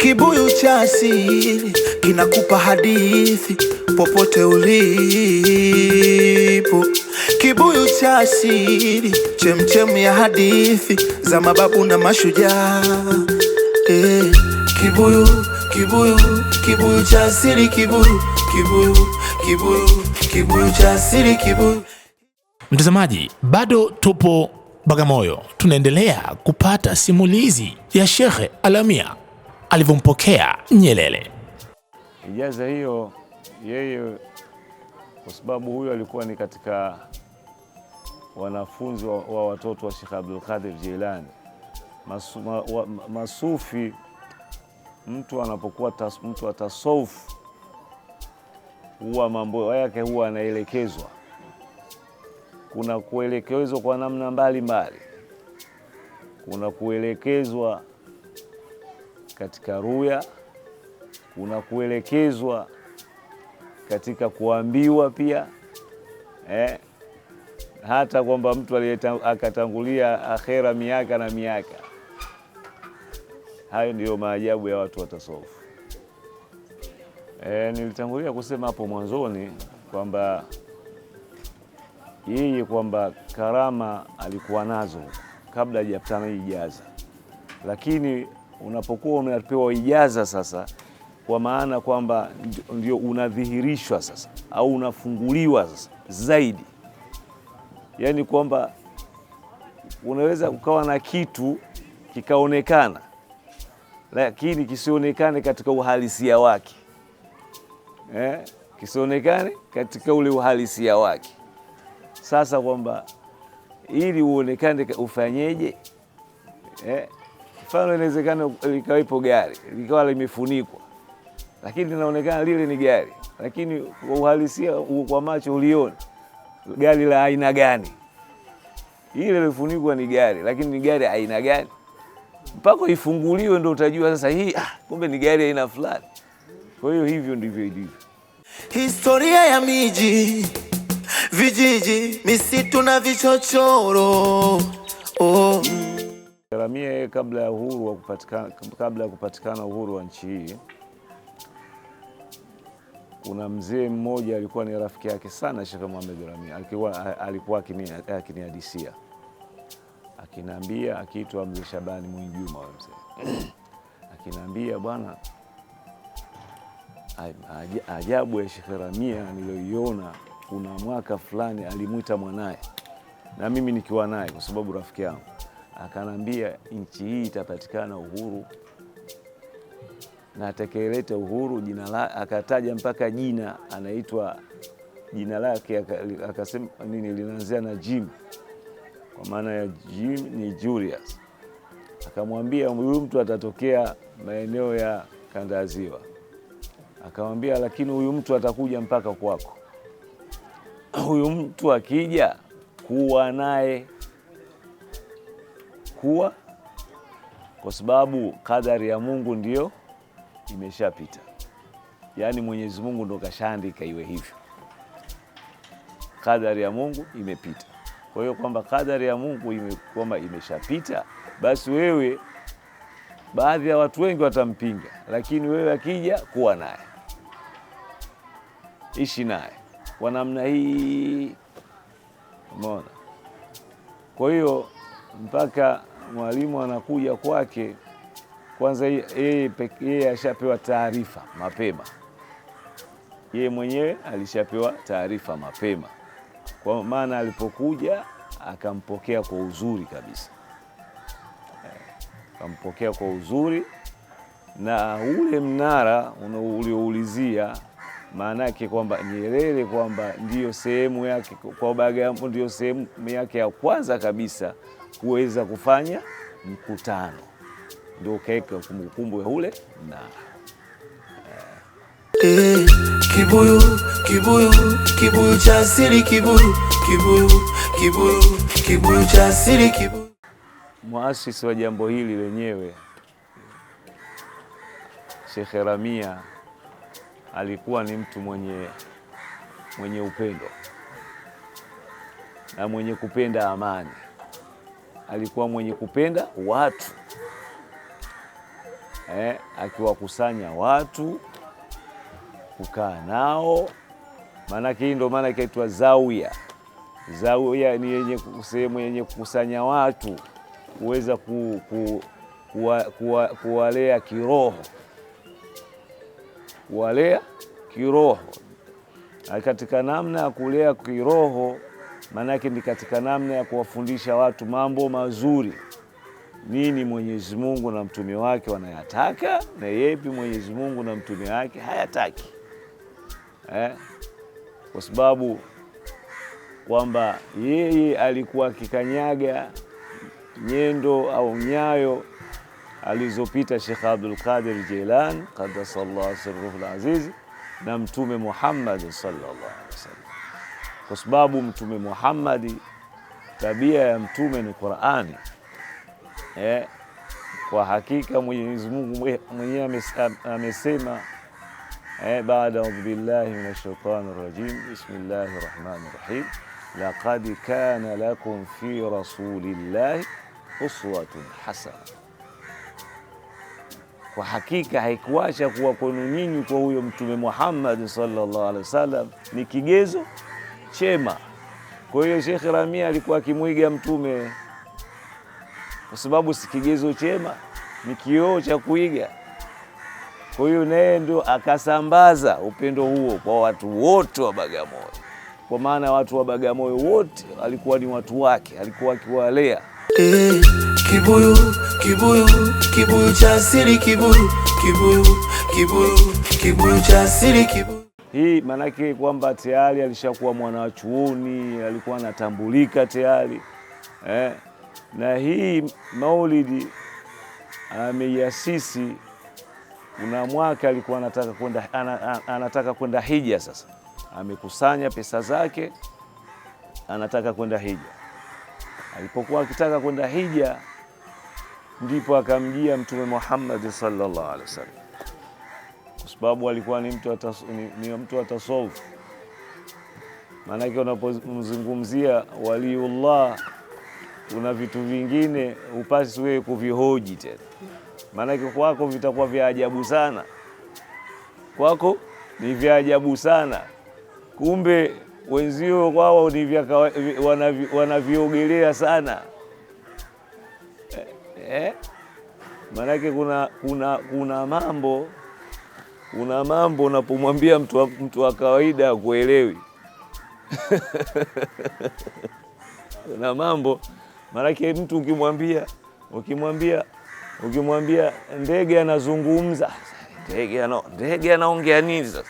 Kibuyu cha asili kinakupa hadithi popote ulipo. Kibuyu cha asili, chemchem ya hadithi za mababu na mashujaa eh. Kibuyu, kibuyu, kibuyu cha asili, kibuyu, kibuyu, kibuyu, kibuyu cha asili, kibuyu. Mtazamaji, bado tupo Bagamoyo, tunaendelea kupata simulizi ya Shekhe Alamia alivyompokea nyelele Ijaza hiyo yeye, kwa sababu huyo alikuwa ni katika wanafunzi wa, wa watoto wa Sheikh Abdul Qadir Jilani. Masu, ma, wa, masufi mtu anapokuwa tas, mtu wa tasawuf huwa mambo yake huwa anaelekezwa, kuna kuelekezwa kwa namna mbalimbali mbali. Kuna kuelekezwa katika ruya, kuna kuelekezwa katika kuambiwa pia eh, hata kwamba mtu akatangulia akhera miaka na miaka. Hayo ndiyo maajabu ya watu watasofu Eh, nilitangulia kusema hapo mwanzoni kwamba yeye kwamba karama alikuwa nazo kabla hajapata hii jaza, lakini unapokuwa unapewa ijaza sasa, kwa maana kwamba ndio unadhihirishwa sasa au unafunguliwa sasa zaidi, yaani kwamba unaweza ukawa na kitu kikaonekana lakini kisionekane katika uhalisia wake eh? kisionekane katika ule uhalisia wake. Sasa kwamba ili uonekane ufanyeje eh? mfano inawezekana likawepo gari likawa limefunikwa, lakini linaonekana lile ni gari, lakini kwa uhalisia kwa macho uliona gari la aina gani? Ile lifunikwa ni gari, lakini ni gari aina gani? Mpaka ifunguliwe ndo utajua sasa, hii ah, kumbe ni gari aina fulani. Kwa hiyo hivyo ndivyo ilivyo historia ya miji, vijiji, misitu na vichochoro oh. Karamie kabla ya uhuru wa kupatikana, kabla ya kupatikana uhuru wa nchi hii, kuna mzee mmoja alikuwa ni rafiki yake sana Sheikh Mohamed Ramia, alikuwa alikuwa akinihadisia akinambia, akiitwa Mzee Shabani Mwinjuma, wa mzee akinambia, bwana, ajabu ya Sheikh Ramia niliyoiona, kuna mwaka fulani alimwita mwanaye na mimi nikiwa naye kwa sababu rafiki yangu akanambia nchi hii itapatikana uhuru na atakayeleta uhuru jina la, akataja mpaka jina anaitwa jina lake akasema nini, linaanzia na Jim kwa maana ya Jim ni Julius. Akamwambia huyu mtu atatokea maeneo ya kanda ya Ziwa. Akamwambia lakini huyu mtu atakuja mpaka kwako, huyu mtu akija kuwa naye kuwa, kwa sababu kadari ya Mungu ndiyo imeshapita. Yaani Mwenyezi Mungu ndo kashaandika iwe hivyo, kadari ya Mungu imepita. Kwa hiyo kwamba kadari ya Mungu ime, kwamba imeshapita, basi wewe, baadhi ya watu wengi watampinga, lakini wewe akija, kuwa naye, ishi naye kwa namna hii, umeona? Kwa hiyo mpaka mwalimu anakuja kwake, kwanza yeye yeye ashapewa taarifa mapema, yeye mwenyewe alishapewa taarifa mapema, kwa maana alipokuja akampokea kwa uzuri kabisa, eh, akampokea kwa uzuri. Na ule mnara ulioulizia maana yake kwamba Nyerere kwamba ndiyo sehemu yake kwa Bagamoyo, ndiyo sehemu yake ya kwanza kabisa kuweza kufanya mkutano, ndio ukaweka kumbukumbu ya ule na Hey, eh, kibuyu kibuyu kibuyu cha asili kibuyu kibuyu kibuyu kibuyu cha asili kibuyu. Muasisi wa jambo hili lenyewe Sheikh Ramia alikuwa ni mtu mwenye, mwenye upendo na mwenye kupenda amani alikuwa mwenye kupenda watu eh, akiwakusanya watu kukaa nao, maanake hii ndo maana ikaitwa zawia. Zawia ni yenye sehemu yenye kukusanya watu kuweza ku, ku, kuwa, kuwa, kuwalea kiroho, kuwalea kiroho, na katika namna ya kulea kiroho Maanake ni katika namna ya kuwafundisha watu mambo mazuri, nini Mwenyezi Mungu na mtume wake wanayataka na yepi Mwenyezi Mungu na mtume wake hayataki eh? Kwa sababu kwamba yeye alikuwa akikanyaga nyendo au nyayo alizopita Sheikh Abdul Qadir Jilani qaddasallahu sirruhu alazizi na Mtume Muhammad sallallahu alaihi wasallam kwa sababu Mtume Muhammad, tabia ya mtume ni Qurani. Eh, kwa hakika Mwenyezi Mungu mwenyewe amesema eh, baada audhu billahi minash rajim bismillahi rahmani rahim laqad kana lakum fi rasulillahi uswatun hasana, kwa hakika haikuacha kuwa kwenu nyinyi kwa huyo Mtume Muhammad sallallahu alaihi wasallam ni kigezo chema. Kwa hiyo Sheikh Ramia alikuwa akimwiga Mtume kwa sababu si kigezo chema, ni kioo cha kuiga. Kwa hiyo naye ndo akasambaza upendo huo kwa watu wote wa Bagamoyo, kwa maana watu wa Bagamoyo wote alikuwa ni watu wake, alikuwa akiwalea. Eh, kibuyu kibuyu kibuyu cha asili kibuyu kibuyu kibuyu kibuyu cha asili kibuyu hii maanake kwamba tayari alishakuwa mwana wa chuoni alikuwa anatambulika tayari eh. Na hii maulidi ameiasisi, kuna mwaka alikuwa anataka kwenda anataka kwenda hija. Sasa amekusanya pesa zake, anataka kwenda hija. Alipokuwa akitaka kwenda hija, ndipo akamjia Mtume Muhammad sallallahu alaihi wasallam sababu alikuwa ni mtu atas, ni, ni mtu atasolve. Maanake unapomzungumzia waliullah kuna vitu vingine upasi wewe kuvihoji tena, maanake kwako vitakuwa vya ajabu sana, kwako ni vya ajabu sana, kumbe wenzio kwao ni vya wanaviogelea sana eh, eh? Maanake kuna, kuna, kuna mambo kuna mambo unapomwambia mtu, mtu wa kawaida akuelewi Kuna mambo maanake mtu ukimwambia ukimwambia ukimwambia ndege anazungumza, ndege ana ndege anaongea nini sasa?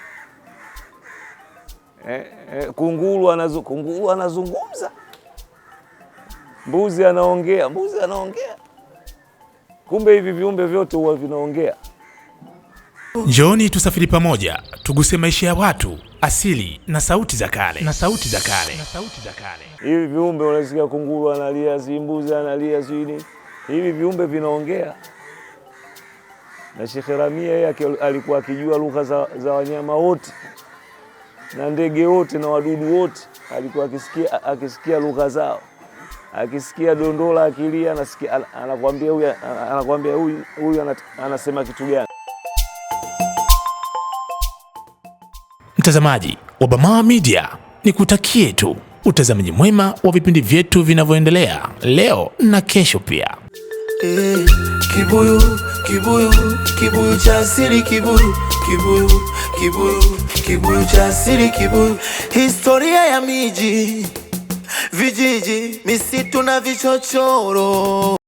Eh, eh, kunguru anazu, kunguru anazungumza, mbuzi anaongea, mbuzi anaongea. Kumbe hivi viumbe vyote huwa vinaongea njoni tusafiri pamoja, tuguse maisha ya watu, asili na sauti za kale, na sauti za kale, na sauti za kale. Hivi viumbe unasikia, kunguru analia, simbuzi analia, zini. hivi viumbe vinaongea. Na Sheikh Ramia yeye alikuwa akijua lugha za, za wanyama wote na ndege wote na wadudu wote, alikuwa akisikia, akisikia lugha zao, akisikia dondola akilia, huyu huyu anasema kitu gani. Mtazamaji wa Bamaa Media, ni kutakie tu utazamaji mwema wa vipindi vyetu vinavyoendelea leo na kesho pia. Eh, kibuyu kibuyu kibuyu cha asili kibuyu kibuyu kibuyu kibuyu cha asili kibuyu. Historia ya miji, vijiji, misitu na vichochoro.